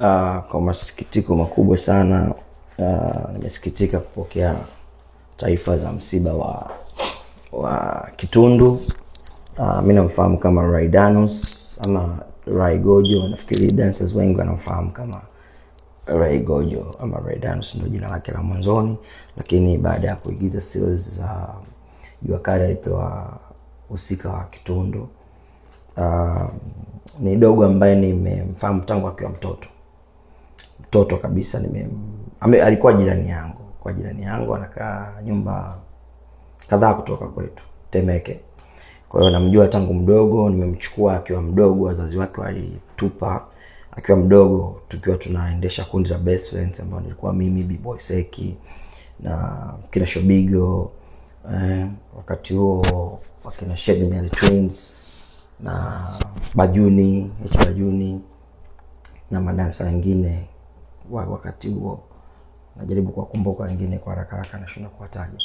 Uh, kwa masikitiko makubwa sana uh, nimesikitika kupokea taarifa za msiba wa, wa Kitundu. Uh, mi namfahamu kama Raidanus ama Rai Gojo, nafikiri dancers wengi wanamfahamu kama Rai Gojo ama Raidanus ndio jina lake la mwanzoni, lakini baada ya kuigiza series za Jua Kali alipewa husika wa Kitundu. Uh, ni dogo ambaye nimemfahamu tangu akiwa mtoto mtoto kabisa nime ame, alikuwa jirani yangu kwa jirani yangu anakaa nyumba kadhaa kutoka kwetu Temeke. Kwa hiyo namjua tangu mdogo, nimemchukua akiwa mdogo, wazazi wake walitupa akiwa mdogo, tukiwa tunaendesha kundi la best friends ambao nilikuwa mimi, B-Boy Seki na kina Shobigo eh, wakati huo wakina Shebinyali Twins na Bajuni H Bajuni na madansa wengine wa wakati huo. Najaribu kuwakumbuka wengine kwa haraka haraka, nashinda kuwataja.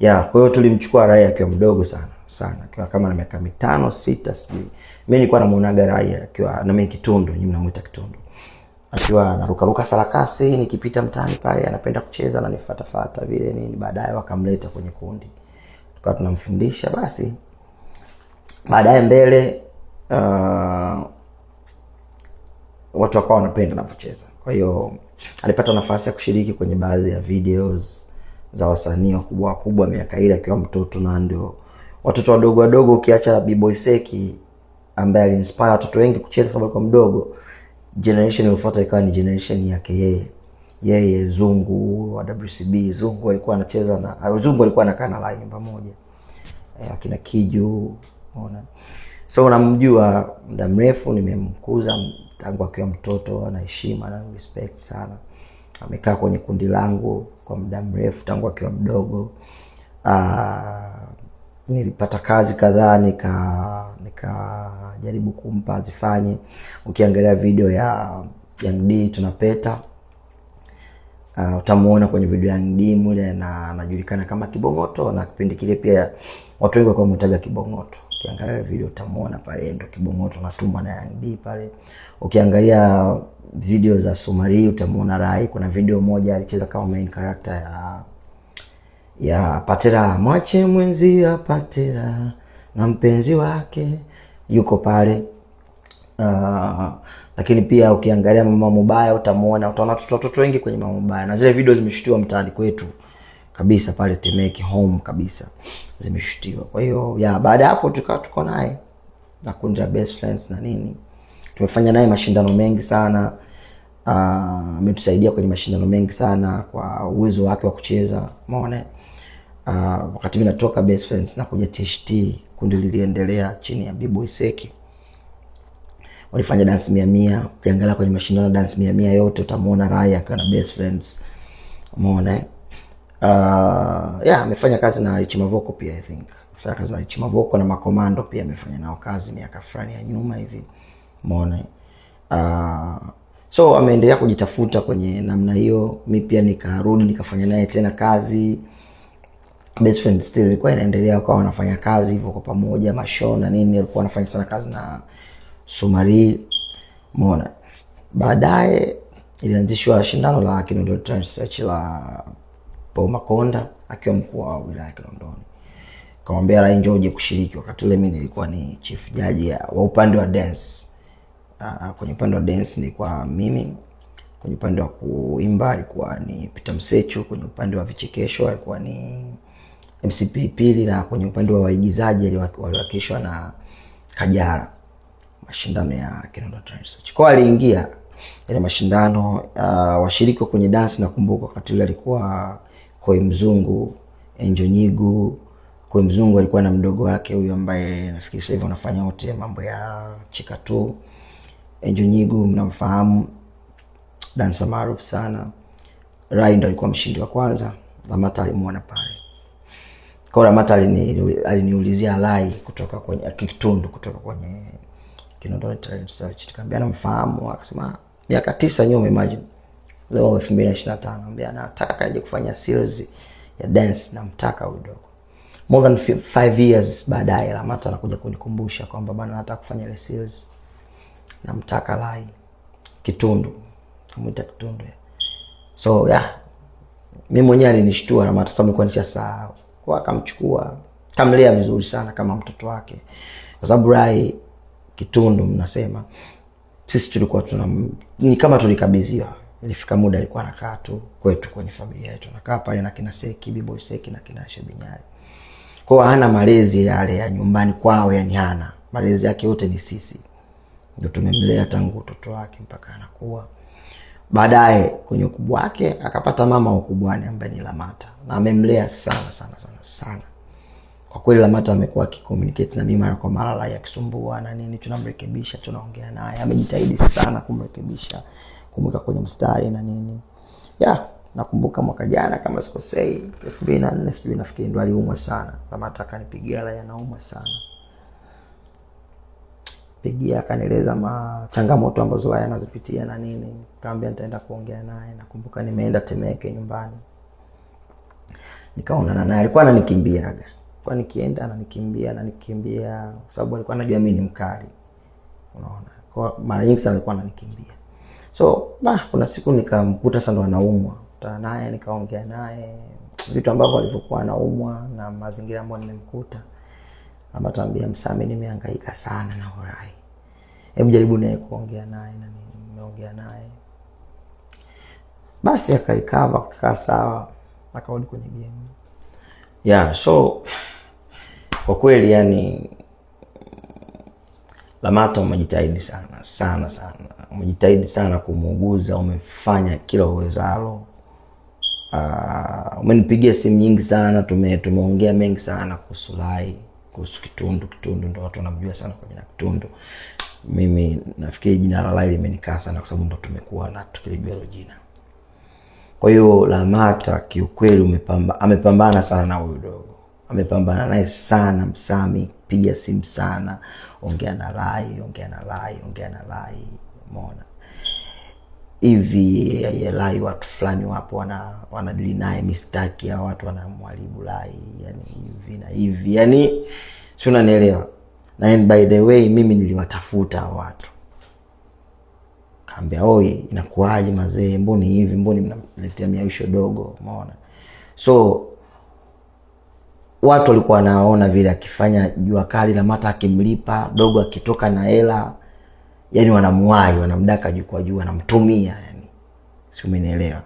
Ya, kwa hiyo tulimchukua Rai akiwa mdogo sana sana, akiwa kama na miaka mitano sita, sijui. Mimi nilikuwa namuonaga Rai akiwa na mimi Kitundu, nyi mnamuita Kitundu. Akiwa anaruka sarakasi, nikipita mtaani pale anapenda kucheza nanifatafata vile nini. Baadaye wakamleta kwenye kundi. Tukawa tunamfundisha basi. Baadaye mbele uh, watu wakawa wanapenda anavyocheza. Kwa hiyo alipata nafasi ya kushiriki kwenye baadhi ya videos za wasanii wakubwa wakubwa miaka ile akiwa mtoto, na ndio watoto wadogo wadogo, ukiacha B-Boy Seki ambaye aliinspire watoto wengi kucheza sababu kwa mdogo. Generation iliyofuata ikawa ni generation yake yeye yeye Zungu wa WCB. Zungu alikuwa anacheza na Zungu alikuwa anakaa na line moja e, eh, akina Kiju, unaona. So namjua muda mrefu, nimemkuza tangu akiwa mtoto, ana heshima na respect sana. Amekaa kwenye kundi langu kwa muda mrefu tangu akiwa mdogo. Aa, ah, nilipata kazi kadhaa nika nikajaribu kumpa azifanye. Ukiangalia video ya Young D tunapeta Uh, utamuona kwenye video ya Ndimu ile na anajulikana kama Kibong'oto, na kipindi kile pia watu wengi walikuwa wametaja Kibong'oto. Ukiangalia video utamuona pale ndo Kibong'oto anatumwa na Young D pale. Ukiangalia video za Sumari utamuona Rai, kuna video moja alicheza kama main character ya ya Patera, mwache mwenzi ya Patera na mpenzi wake yuko pale lakini pia ukiangalia mama mubaya utamuona, utaona watoto wengi kwenye mama mubaya, na zile video zimeshutiwa mtaani kwetu kabisa pale Temeke home kabisa zimeshutiwa. Kwa hiyo ya baada hapo tukawa tuko naye na kundi la best friends na nini, tumefanya naye mashindano mengi sana. Ah, ametusaidia uh, kwenye mashindano mengi sana kwa uwezo wake wa kucheza, umeona. Uh, wakati mimi natoka best friends na kuja THT, kundi liliendelea chini ya Bboy Seki walifanya dance mia mia. Ukiangalia kwenye mashindano dance mia mia yote utamwona Raya na best friends, umeona eh? Uh, yeah, amefanya kazi na Rich Mavoko pia I think amefanya kazi na Rich Mavoko na Makomando pia amefanya nao kazi miaka fulani ya nyuma hivi, umeona eh? uh, so ameendelea kujitafuta kwenye namna hiyo. Mi pia nikarudi nikafanya naye tena kazi best friend still ilikuwa inaendelea, wakawa wanafanya kazi hivyo kwa pamoja, mashow na nini, alikuwa anafanya sana kazi na Sumari Mona. Baadaye ilianzishwa shindano la Kinondoni Talent Search la Paul Makonda akiwa mkuu wa wilaya ya Kinondoni. Kamwambia Rai njoo uje kushiriki. Wakati ule mimi nilikuwa ni chief judge wa upande wa dance. Uh, kwenye upande wa dance nilikuwa mimi, kwenye upande wa kuimba ilikuwa ni Peter Msechu, kwenye upande wa vichekesho alikuwa ni MC Pilipili na kwenye upande wa waigizaji waliwakilishwa na Kajara mashindano ya Kinondo Dance. Search. Kwa aliingia ile mashindano uh, washiriki kwenye dance nakumbuka wakati ule alikuwa Koi Mzungu, Enjo Nyigu. Koi Mzungu alikuwa na mdogo wake huyu ambaye nafikiri sasa hivi anafanya wote mambo ya chika tu. Enjo Nyigu mnamfahamu, dansa maarufu sana. Rai ndo alikuwa mshindi wa kwanza. Lamata alimuona pale. Kwa Lamata aliniulizia alini Rai kutoka kwenye Kitundu kutoka kwenye Kinondoni Search. Nikamwambia namfahamu, akasema miaka tisa nyuma, imagine leo 2025. Nikamwambia nataka kufanya series ya dance, namtaka huyo dogo. More than years baadaye Lamata anakuja kunikumbusha kwamba nataka kufanya ile series, Lai Kitundu, kumuita Kitundu. So yeah, mimi mwenyewe alinishtua sababu Kwa akamchukua, kamlea vizuri sana kama mtoto wake, kwa sababu Lai Kitundu mnasema sisi tulikuwa tuna ni kama tulikabidhiwa. Ilifika muda alikuwa anakaa tu kwetu kwenye familia yetu, anakaa pale na kina Seki Bibo Seki na kina Shebinyari. Kwa hana malezi yale ya nyumbani kwao, yani hana malezi yake, yote ni sisi ndio tumemlea tangu utoto wake mpaka anakuwa. Baadaye kwenye ukubwa wake akapata mama wa ukubwani ambaye ni Lamata na amemlea sana sana sana sana kwa kweli Lamata amekuwa akikomunicate na mimi mara kwa mara, la yakisumbua na nini, tunamrekebisha, tunaongea naye, amejitahidi sana kumrekebisha, kumweka kwenye mstari na nini yeah. Nakumbuka mwaka jana kama sikosei, elfu mbili na nne sijui, nafikiri ndo aliumwa sana Lamata, akanipigia la yanaumwa sana pigia, akanieleza ma changamoto ambazo haya anazipitia na nini, kaambia nitaenda kuongea naye. Nakumbuka nimeenda Temeke nyumbani, nikaonana naye, alikuwa ananikimbiaga kwa nikienda ananikimbia ananikimbia, kwa sababu alikuwa anajua mimi ni mkali, unaona, kwa mara nyingi sana alikuwa ananikimbia. So bah, kuna siku nikamkuta sana anaumwa, kutana naye nikaongea naye vitu ambavyo alivyokuwa anaumwa na mazingira ambayo nimemkuta, ambapo tuambia Msami, nimehangaika sana na Horai, hebu jaribu naye kuongea naye na nimeongea naye basi, akaikava kukaa sawa, akarudi kwenye game yeah so kwa kweli yani Lamata umejitahidi sana sana sana, umejitahidi sana kumuuguza, umefanya kila uwezalo. Uh, umenipigia simu nyingi sana, tume tumeongea mengi sana kuhusu Lai, kuhusu Kitundu. Kitundu ndo watu wanamjua sana kwa jina Kitundu. Mimi nafikiri jina la Lai limenikaa sana kwa sababu ndo tumekuwa na tukilijua hilo jina. Kwa hiyo Lamata kiukweli umepamba, amepambana sana huyu dogo amepambana naye sana Msami, piga simu sana, ongea na Rai, ongea na Rai, ongea na Rai. mona hivi eh, Rai, watu fulani wapo wana wanadili naye mistaki ya watu wanamwaribu Rai, yani hivi na hivi, yani si unanielewa? Na by the way mimi niliwatafuta watu kaambia, oi, inakuwaje mazee, mboni hivi, mboni mnamletea miawisho dogo, mona so watu walikuwa wanaona vile akifanya jua kali na mata akimlipa dogo akitoka na hela yani wanamwahi wanamdaka juu kwa juu wanamtumia yani. Si umenielewa?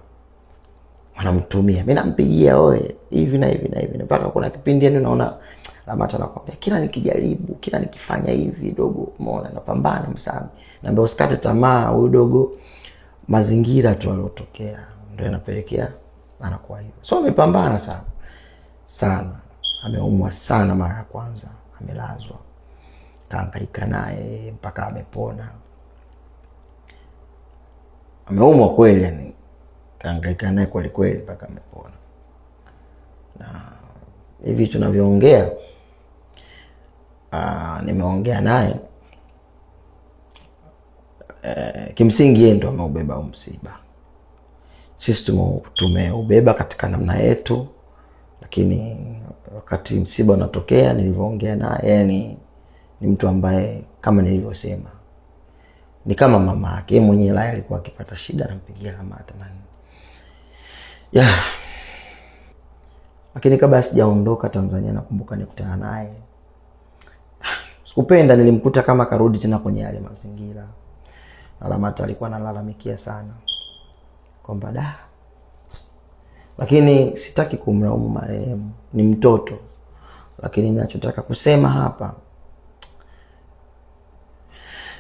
Wanamtumia. Mimi nampigia oe hivi na hivi na hivi mpaka kuna kipindi yani unaona Lamata nakwambia kila nikijaribu, kila nikifanya hivi dogo, umeona napambana msami. Naambia usikate tamaa huyu dogo. Mazingira tu aliyotokea ndio yanapelekea anakuwa hivyo. So amepambana sana sana ameumwa sana mara ya kwanza, amelazwa, kaangaika naye mpaka amepona. Ameumwa kweli, yani kaangaika naye kweli kweli mpaka amepona. Na hivi tunavyoongea, ah, nimeongea naye eh, kimsingi yeye ndo ameubeba msiba, sisi tumeubeba katika namna yetu lakini wakati msiba unatokea, nilivyoongea naye, yani ni mtu ambaye kama nilivyosema ni kama mama yake yeye mwenyewe, laye alikuwa akipata shida anampigia kamata na yeah. Lakini kabla sijaondoka Tanzania, nakumbuka nikutana naye, sikupenda, nilimkuta kama karudi tena kwenye yale mazingira. Alamata alikuwa analalamikia sana kwamba da lakini sitaki kumlaumu marehemu, ni mtoto. Lakini nachotaka kusema hapa,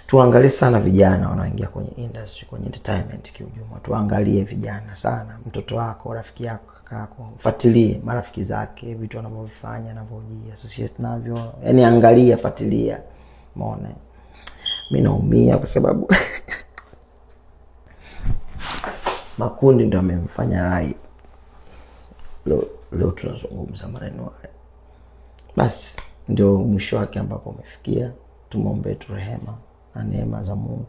tuangalie sana vijana wanaoingia kwenye industry, kwenye entertainment kiujuma Tuangalie vijana sana, mtoto wako, rafiki yako, kakako fatilie marafiki zake, vitu anavyovifanya, anavyoji navyo, yani angalia, fatilia mone mi naumia kwa sababu makundi ndo amemfanya ai leo, leo tunazungumza maneno haya. Basi ndio mwisho wake ambapo umefikia. Tumwombee tu rehema na neema za Mungu